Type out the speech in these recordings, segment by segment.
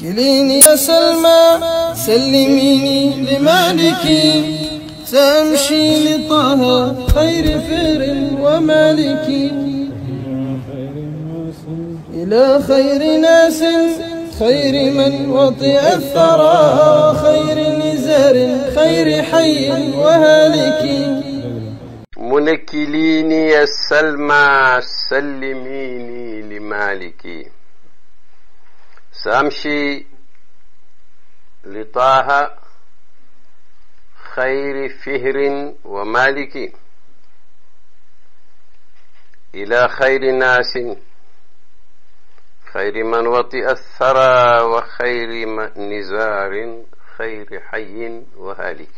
كليني يا سلمى سلميني لمالكي سأمشي لطه خير فر ومالكي إلى خير ناس خير من وطئ الثرى خير نزار خير حي وهالكي منكليني يا سلمى سلميني لمالكي سأمشي لطه خير فهر ومالك إلى خير ناس خير من وطئ الثرى وخير نزار خير حي وهالك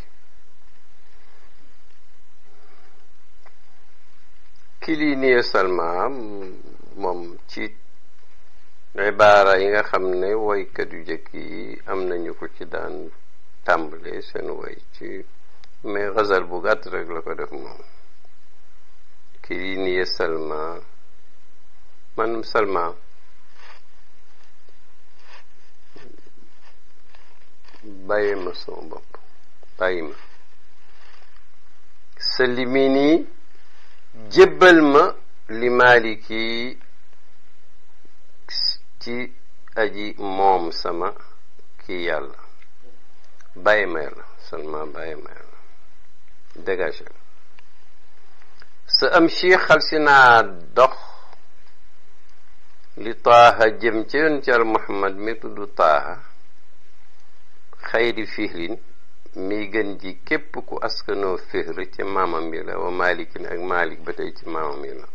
كليني سلمان salma ibaara yi nga xam ne woykat yu jëkk yi am nañu ko ci daan tàmbale seen woy ci mais xasal bu gàtt rek la ko def moom kii nii salma man salma bàyyi ma sama bopp bàyyi ma salimi nii jébbal ma li maaliki ci aji moom sama kii yàlla bàyyi ma yàlla seulement bàyyi ma yàlla dégagé sa am si xal si naa dox li taaha jëm ci yoon ci al muhammad mi tudd taaha xayri fihlin mi gën ji képp ku askanoo fihr ci maamam yi la wa malikin ak malik ba tey ci maamam yi la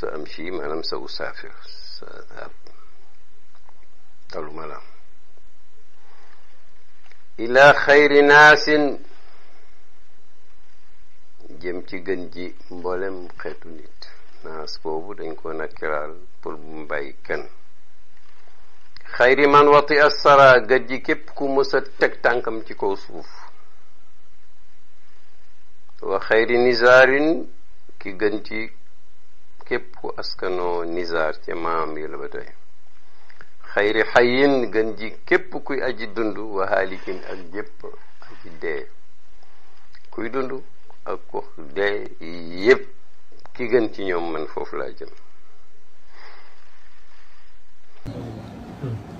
سأمشي أنا سأسافر سأذهب قالوا ما لا إلى خير ناس jëm ci gën ji mboolem xeetu nit naas boobu dañ koo nakkiraal pour bu mu bàyyi kenn xayri man wati assara gëj ji képp ku mësa teg tànkam ci kaw suuf wa xayri nizaarin ki gën ci képp ku askanoo nizaar ci maam yi la ba tey xayri xayin gën ji képp kuy aji dund waxaalikin ak jépp aji dee kuy dund ak ku dee yépp ki gën ci ñoom man foofu laa jëm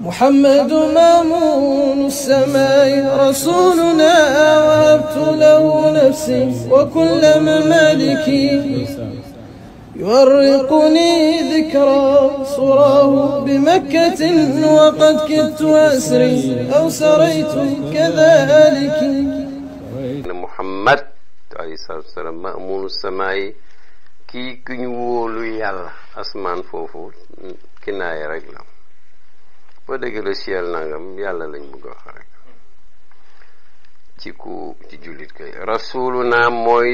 محمد مامون السماء رسولنا وهبت له نفسي وكل ممالكي يورقني ذكرى صراه بمكة وقد كدت أسري أو سريت كذلك محمد عليه الصلاة والسلام مأمون السماء كي كنولو يالا أسمان فوفو كناية رجلا ودقل سيال نغم يالا لن بغاخرك ci ku ci julit kay rasuluna moy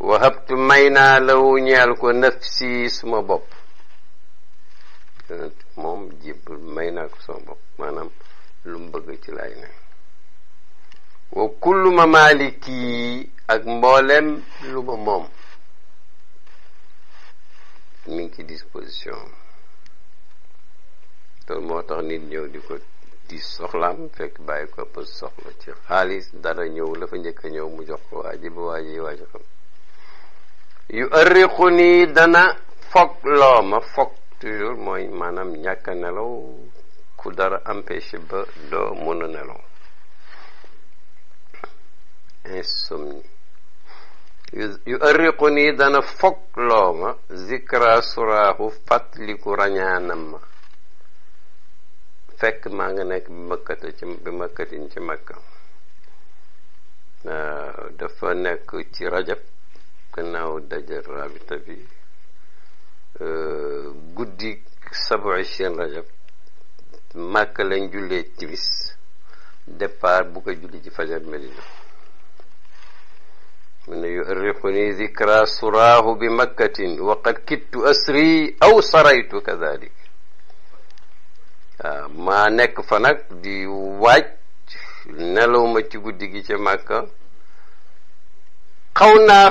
wahabtu may naa lawu ñeel ko si suma bopp moom jébbal may naa ko sama bopp maanaam lu mu bëgg ci lay ne wa kullu ma maaliki ak mboolem lu ma moom mi ngi ci disposition loolu moo tax nit ñëw di ko di soxlaam fekk bàyyi ko ëpp soxla ci xaalis dara ñëw la fa njëkk ñëw mu jox ko waa ji ba waa ji xam yu ërriqu nii dana fog loo ma toujours mooy maanaam ñàkk a nelaw ku dara empêché ba doo mën a nelaw insomnie yu ërriqu nii dana fog looma ma zikra suraahu fàttaliku ma fekk maa nga nekk bi makkata ci bi makkatin ci makka dafa nekk ci rajab gannaaw daje rabita bi euh, guddi sabu seen rajab màkk lañ jullee timis départ bu ko julli ci fajar medina mu ne yurriquni dikra suraahu bi makkatin wa qad kittu asri aw saraytu kadalik waaw maa nekk fa nag di waaj nelaw ma ci guddi gi ca màkka xaw naa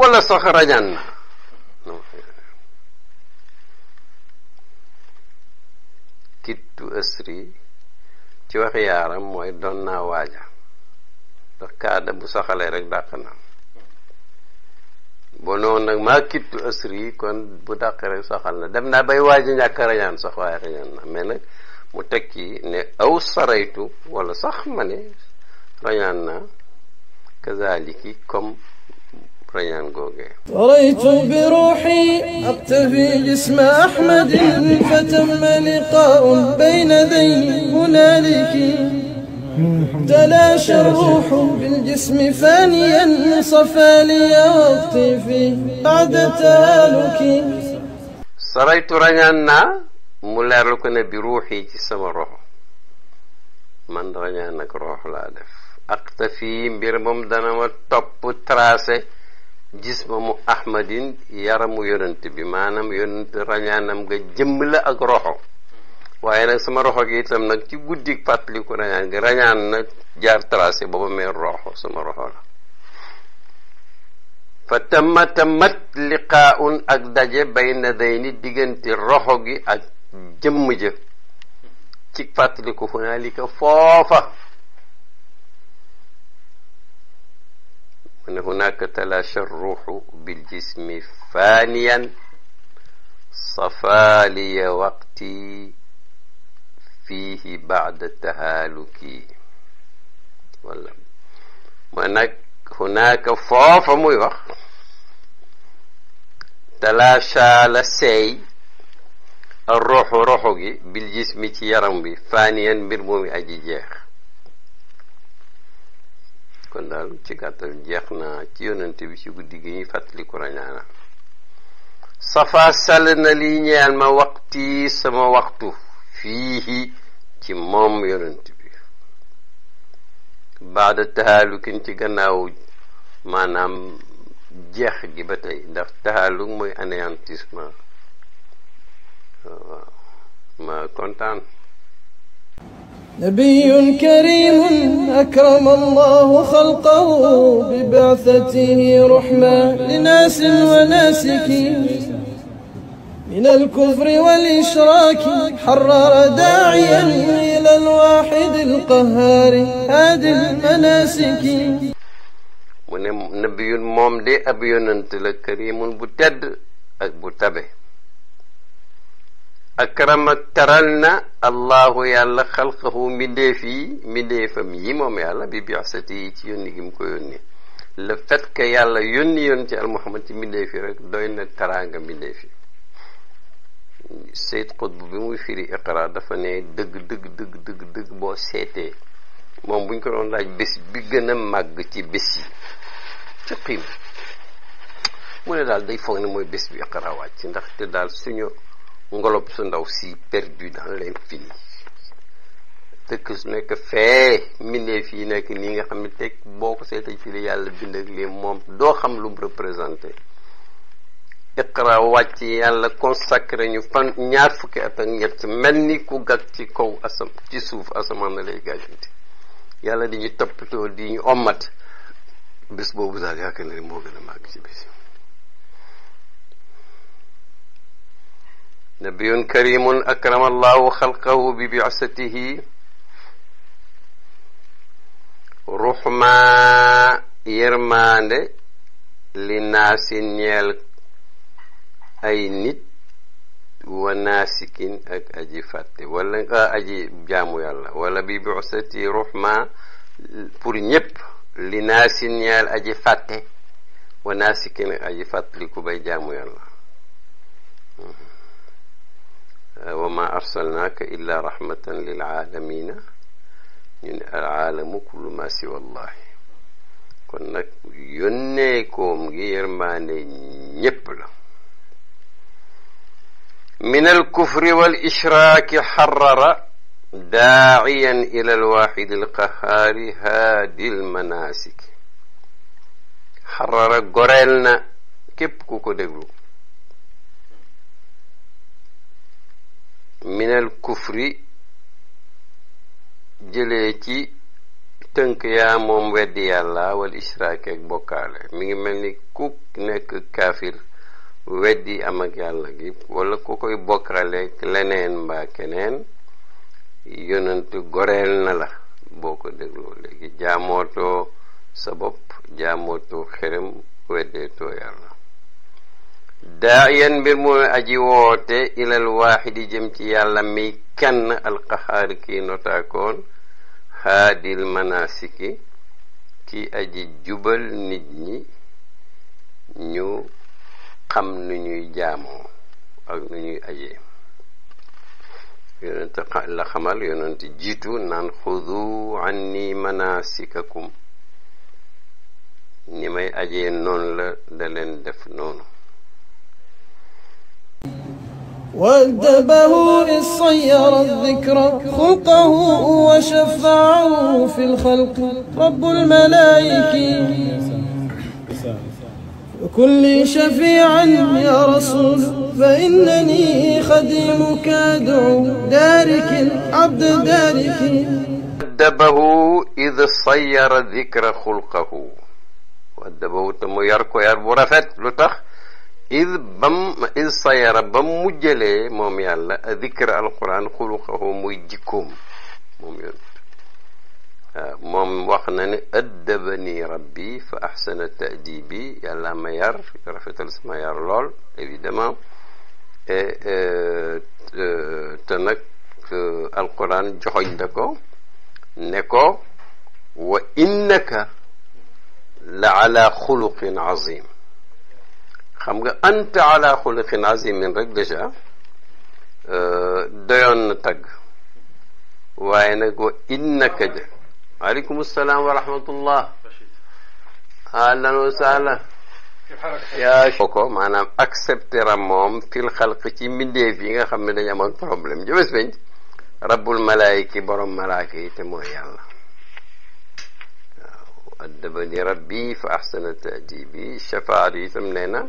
wala sax rañaan na kittu ësri ci wax yaaram mooy doon naa waaja ndax kaada bu saxalee rek dàq na bo noonu nag maa kittu ësri kon bu dàq rek saxal na dem naa bay waaja ñàkk rañaan sax muteki na ne aw saraytu wala sax ma na كذلك كم ريان جوجي رأيت بروحي أقتفي جسم أحمد فتم لقاء بين ذي هنالك تلاشى الروح بالجسم فانيا صفى لي وقتي في بعد تهالك سريت رجعنا مولار ركن بروحي جسم الروح من رجعنا روح لا دف aqtafi mbir moom dana ma topp tracé jismamu ahmadin yaramu yonent bi maanaam yonent rañaanam nga jëmm la ak roxo waaye nag sama roxo gi itam nag ci guddi fàttaliku rañaan gi rañaan na jaar tracé booba meen roxo sama roxo la fa tamma tammat ak daje bayna day ni diggante roxo gi ak jëmm ja ci fàttaliku hunaalika foofa أن هناك تلاشى الروح بالجسم فانيا صفى لي وقتي فيه بعد تهالكي ولا هناك هناك فوف موي واخ تلاشى لسي الروح روحه بالجسم ci yaram bi faniyan mbir momi kon daal ci gàttal jeex na ci yonente bi ci guddi gi ñuy fàttaliku rañaana safa sall na lii ñeel ma waxti sama waxtu fii ci moom yonent bi baada taxaalukin ci gannaaw maanaam jeex gi ba tey ndax taxaaluk mooy anéantissement waaw kontaan نبي كريم أكرم الله خلقه ببعثته رحمة لناس وناسكين من الكفر والإشراك حرر داعيا إلى الواحد القهار هاد المناسك ونبي موم دي أبي يونت كريم بتد تبه akrama taral na allahu yàlla xalqahu mbindeef yi mbindeefam yi moom yàlla bi bixsati yi ci yónni gi mu ko yónni le fait yàlla yónni yoon ci al muhammad ci mbindeef yi rek doy na taraanga mbindeef yi Seyd Qutb bi muy firi iqra dafa ne dëgg dëgg dëgg dëgg boo seetee moom buñ ko doon laaj bés bi gën a màgg ci bés yi ci qiim mu ne daal day foog ne mooy bés bi iqra wàcc ndaxte daal suñu ngolob su ndaw si perdu dans l'infini dëkk su nekk fee mbindeef yi nekk nii nga xam ne teg boo ko seetee ci li yàlla bind ak lii moom doo xam lu mu représenté iqra ci yàlla consacré ñu fan ñaar fukki at ak ñett mel ni ku gàtt ci kaw asam ci suuf asamaan na lay gàjjante yàlla di ñu toppatoo di ñu ommat bés boobu daal yaakaar na moo gën a màgg ci bés nabiyun karimun akrama allahu xalqahu bi bi'satihi ruxma yërmaande li naasi ñeel ay nit wa naasikin ak aji fàtte wala aji jaamu yàlla wala bi bi'sati ruxma pour ñépp li naasi ñeel aji fàtte wa naasikin ak aji fàttaliku bay jaamu yàlla wa ma arsalnaaka illa rahmatan lil aalamina ñu ne al aalamu kullu ma siwa allahi kon nag yónnee koom ngi yërmaande ñépp la min al kufri wal ishraaki xarara daaciyan ila al waaxidi al qahaari haadi al manaasiki xarara goreel na képp ku ko déglu minal kufri jëlee ci tënk yaa moom weddi yàlla wal israak ak bokkaale mi ngi mel ni ku nekk kaafir weddi am ak yàlla gi wala ko koy bokkaale leneen mbaa keneen yonent goreel na la boo ko dégloo léegi jaamootoo sa bopp jaamootoo xerem weddeetoo yàlla daa yan mbir mooy aji woote ilal waaxidi jëm ci yàlla mi kenn alqaxaari kii notaakoon haadil manasiki ki aji jubal nit ñi ñu xam nu ñuy jaamoo ak nu ñuy ajee yonent la xamal yonent jiitu naan xudu anni manasikakum ni may ajee noonu la da leen def noonu وادبه إذ صير الذكر خلقه وشفعه في الخلق رب الملائك كل شفيعا يا رسول فإنني خديمك أدعو دارك العبد دارك وادبه إذ صير الذكر خلقه وادبه تم يركو يربو رفت لتخ إذ بم إذ صير بم مجلة مم يلا ذكر القرآن خلقه مجكم مم يلا مم أدبني ربي فأحسن تأديبي يلا ما ير رفت الاسم ير لول إيفيدما إيه، إيه، تنك القرآن جهيدك نكو وإنك لعلى خلق عظيم خمغا انت على خلق عظيم من رجلجا ديون تگ وينغو انك جا عليكم السلام ورحمة الله اهلا وسهلا يا شوكو مانام اكسبت رموم في الخلق تي ميندي فيغا خامي داني ام بروبليم جيبس بن رب الملائكه برم ملائكه تي مو يالا ادبني ربي فاحسن تاديبي شفاعتي ثم نينا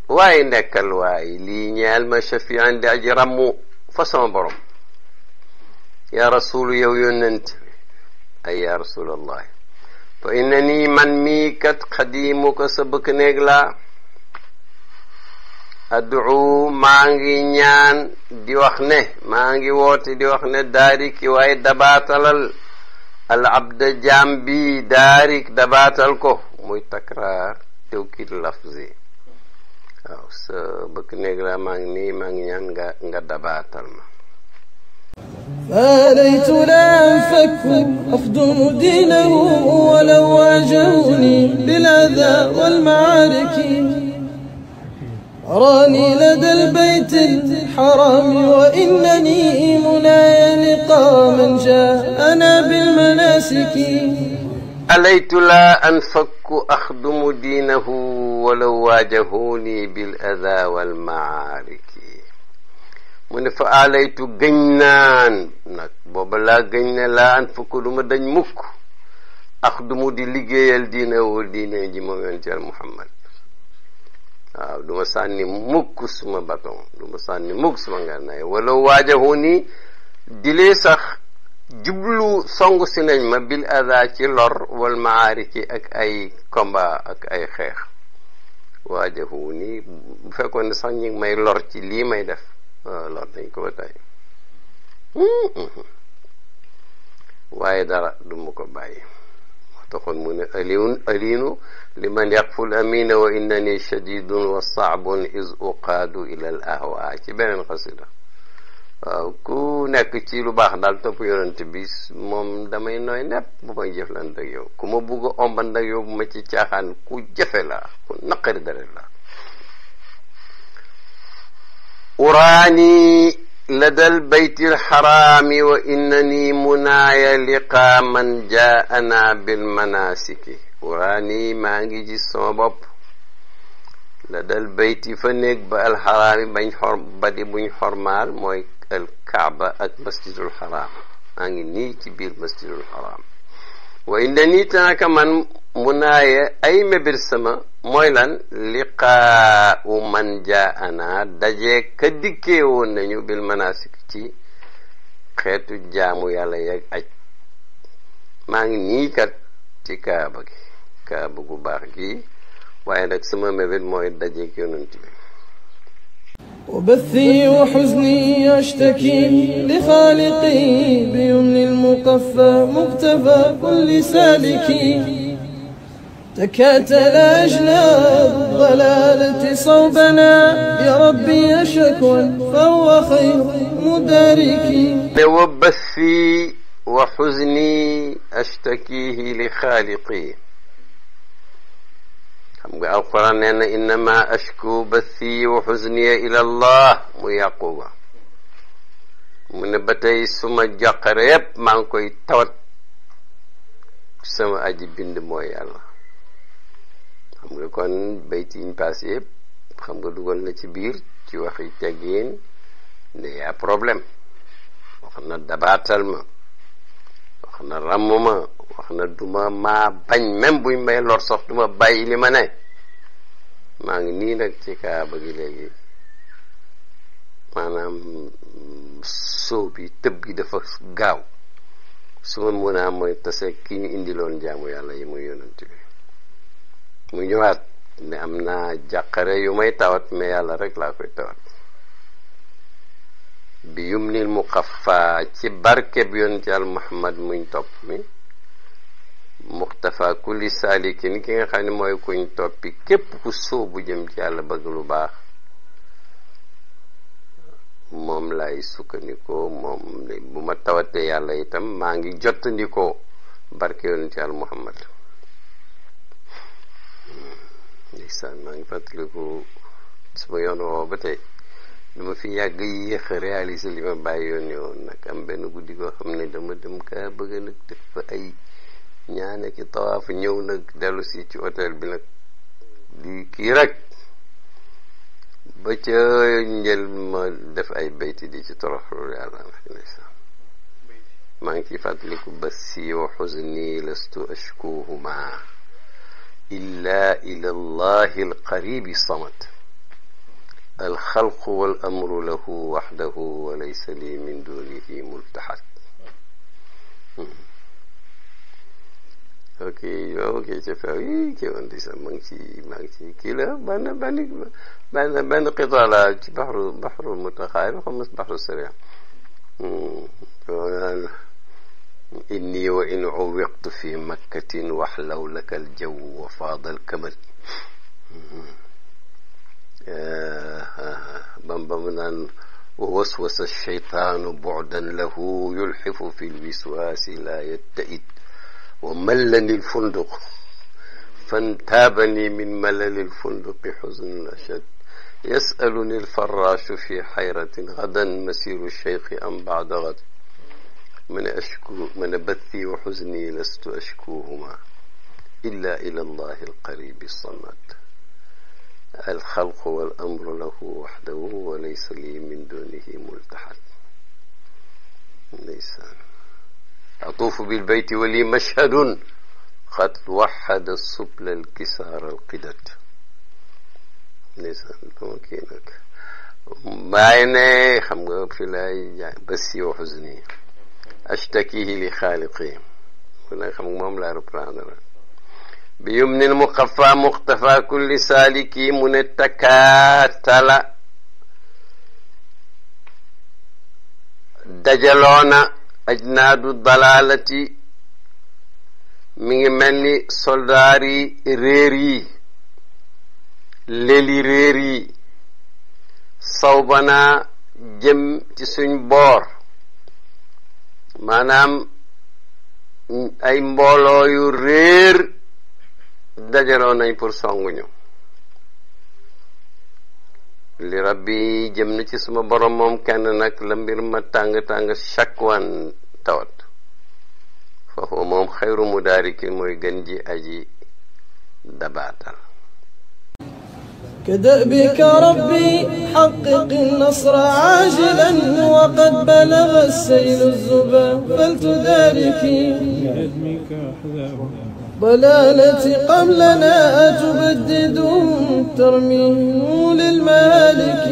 واي نك الواي لي نيال ما شفي عندي اجرمو فسما برم يا رسول يوين انت اي يا رسول الله فانني من ميكت قديم وكسبك نيغلا ادعو مانغي نيان دي وخنه مانغي ووتي دي وخنه دارك واي دباتل العبد جامبي دارك دباتل كو موي تكرار توكيد لفظي waaw oh, sa néeg laa maa ngi nii maa ngi ñaan nga nga dabaatal ma فليت لا أنفك أخدم دينه ولو واجهوني بالأذى والمعارك أراني لدى البيت الحرام وإنني منايا لقى من جاءنا بالمناسك alaytu laa an fakku axdumu diinahu walaw waajahuuni bil adaa wal maariki mu ne fa alaytu gëñ naan nag booba laa gëñ ne laa an fakku du ma dañ mukk axdumu di liggéeyal diinahu diine ji moom yonent Yàlla Muhammad waaw du ma sànni mukk suma bakkan du ma sànni mukk suma ngànnaay walaw waajahuuni di lii sax jublu songu si nañ ma bil aza ci lor wal maariki ak ay combat ak ay xex waajahu ni bu fekkoon sax ñi may lor ci li may def lor dañ ko tay waye dara du mu ko bàyyi moo taxoon mu ne aliun aliinu liman yaqful amina wa innani shadidun wa saabun is uqaadu ila al ahwa ci beneen xasida ku nekk ci lu baax daal topp yonent bi moom damay nooy nepp bu may jëflante ak yow ku ma bugg a omban ak yow bu ma ci caaxaan ku jafe la ku naqari deret la uraani lada albayti alxaraami wa innani munaaya liqaa man jaana bilmanasiki uraani maa ngi gis sama bopp lada albayti fa néeg ba alxaraami bañ xor badi buñ xormaal mooy al kaaba ak masjidul xaraam maa ngi nii ci biir masjidul xaraam wa inda nii tanaka man mu naaye ay mébir sama mooy lan liqaau man jaana dajee ka dikkee woon nañu bil manasik ci xeetu jaamu yàlla yeeg aj maa ngi nii ci kaaba gi kaaba gu baax gi waaye nag sama mébir mooy dajeeg yonent bi وبثي وحزني أشتكي لخالقي بيمن المقفى مكتفى كل سالكي تكاتل أجناب الضلالة صوبنا يا ربي شكوى فهو خير مداركي وبثي وحزني أشتكيه لخالقي xam nga alquran nee na innama ashku bathi wa xusniya ila allah mu yaquba mu ne ba tey suma jàqare yépp maa ngi koy tawat sama aji bind mooy yàlla xam nga kon bayti yiñ xam nga dugal na ci biir ci waxi teggin ne yaa problème wax na dabaatal ma wax na ràmm ma wax na duma maa bañ même buñ may lor sof duma bàyyi li ma ne maa ngi nii nag ci kaaba gi léegi maanaam sóob bi tëb gi dafa gaaw su ma mën a mooy tase ki indiloon jaamu yàlla yi muy yonent bi mu ñëwaat ne am naa jàqare yu may tawat mais yàlla rek laa koy tawat bi yumnil muqaffa ci barkeb yoon ci al muhammad muñ topp mi muxtafa kulli saalikin ki nga xam ne mooy kuñ toppi képp ku sóobu jëm ci yàlla bëgg lu baax moom lay sukkandikoo moom bu ma tawatee yàlla itam maa ngi jottandikoo barke yonent yàlla muhammad hmm, ndeysaan maa ngi fàttaliku sama yoon woo ba tey lu ma fi yàgg yéex a réaliser li ma bàyyoon yoon nag am benn guddi goo xam ne dama dem kaa bëgg nag def fa ay ñaane ki tawaaf ñëw nag dellu si ci hôtel bi nag di kii rek ba ca njël ma def ay bayti di ci toroxlu yàlla nag ndeysaan maa ngi ciy fàttaliku bassi wa xuzni lastu ashkuhuma illa ila allahi alqaribi samad الخلق والأمر له وحده وليس لي من دونه ملتحد Okay, yo ke ce fawi ke wanda sa manki manki kila bana bani bana bana qitala bahru bahru mutakhayil khamis bahru sariya إني وإن عوقت في مكة وحلوا لك الجو وفاض الكمل آه، آه، آه، ضمن ووسوس الشيطان بعدا له يلحف في الوسواس لا يتئد وملني الفندق فانتابني من ملل الفندق حزن أشد يسألني الفراش في حيرة غدا مسير الشيخ أم بعد غد من أشكو من بثي وحزني لست أشكوهما إلا إلى الله القريب الصمد الخلق والأمر له وحده وليس لي من دونه ملتحد ليس أطوف بالبيت ولي مشهد قد وحد السبل الكسار القدت ليس ممكنك مع خمق في لا بسي وحزني أشتكيه لخالقي ولا خمق مملا ربنا bi yum nil muxafa muxtafa kulli saaliki mu ne takaatala dajaloona ajnaadu dalaalati mi ngi mel ni soldaar yi réer yi leli réer yi sawbanaa jëm ci suñ boor maanaam ay mbooloo yu réer dajaloon nañ pour ñu li rabbi jëm na ci suma borom moom kenn nag la mbir ma tàng-tàng chaque wan tawat foofu moom xayru mu daariki mooy gën ji aji dabaatal كدأبك ربي حقق النصر عاجلا وقد بلغ السيل الزبا فلتداركي بعلمك أحزابنا ضلالتي قبلنا تبدد ترميه للمالك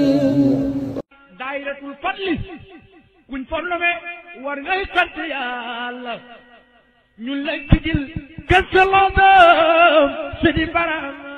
دائرة الفضل كن ونفرنا ورغي قد يا الله نلقي جل الكسل سيدي برام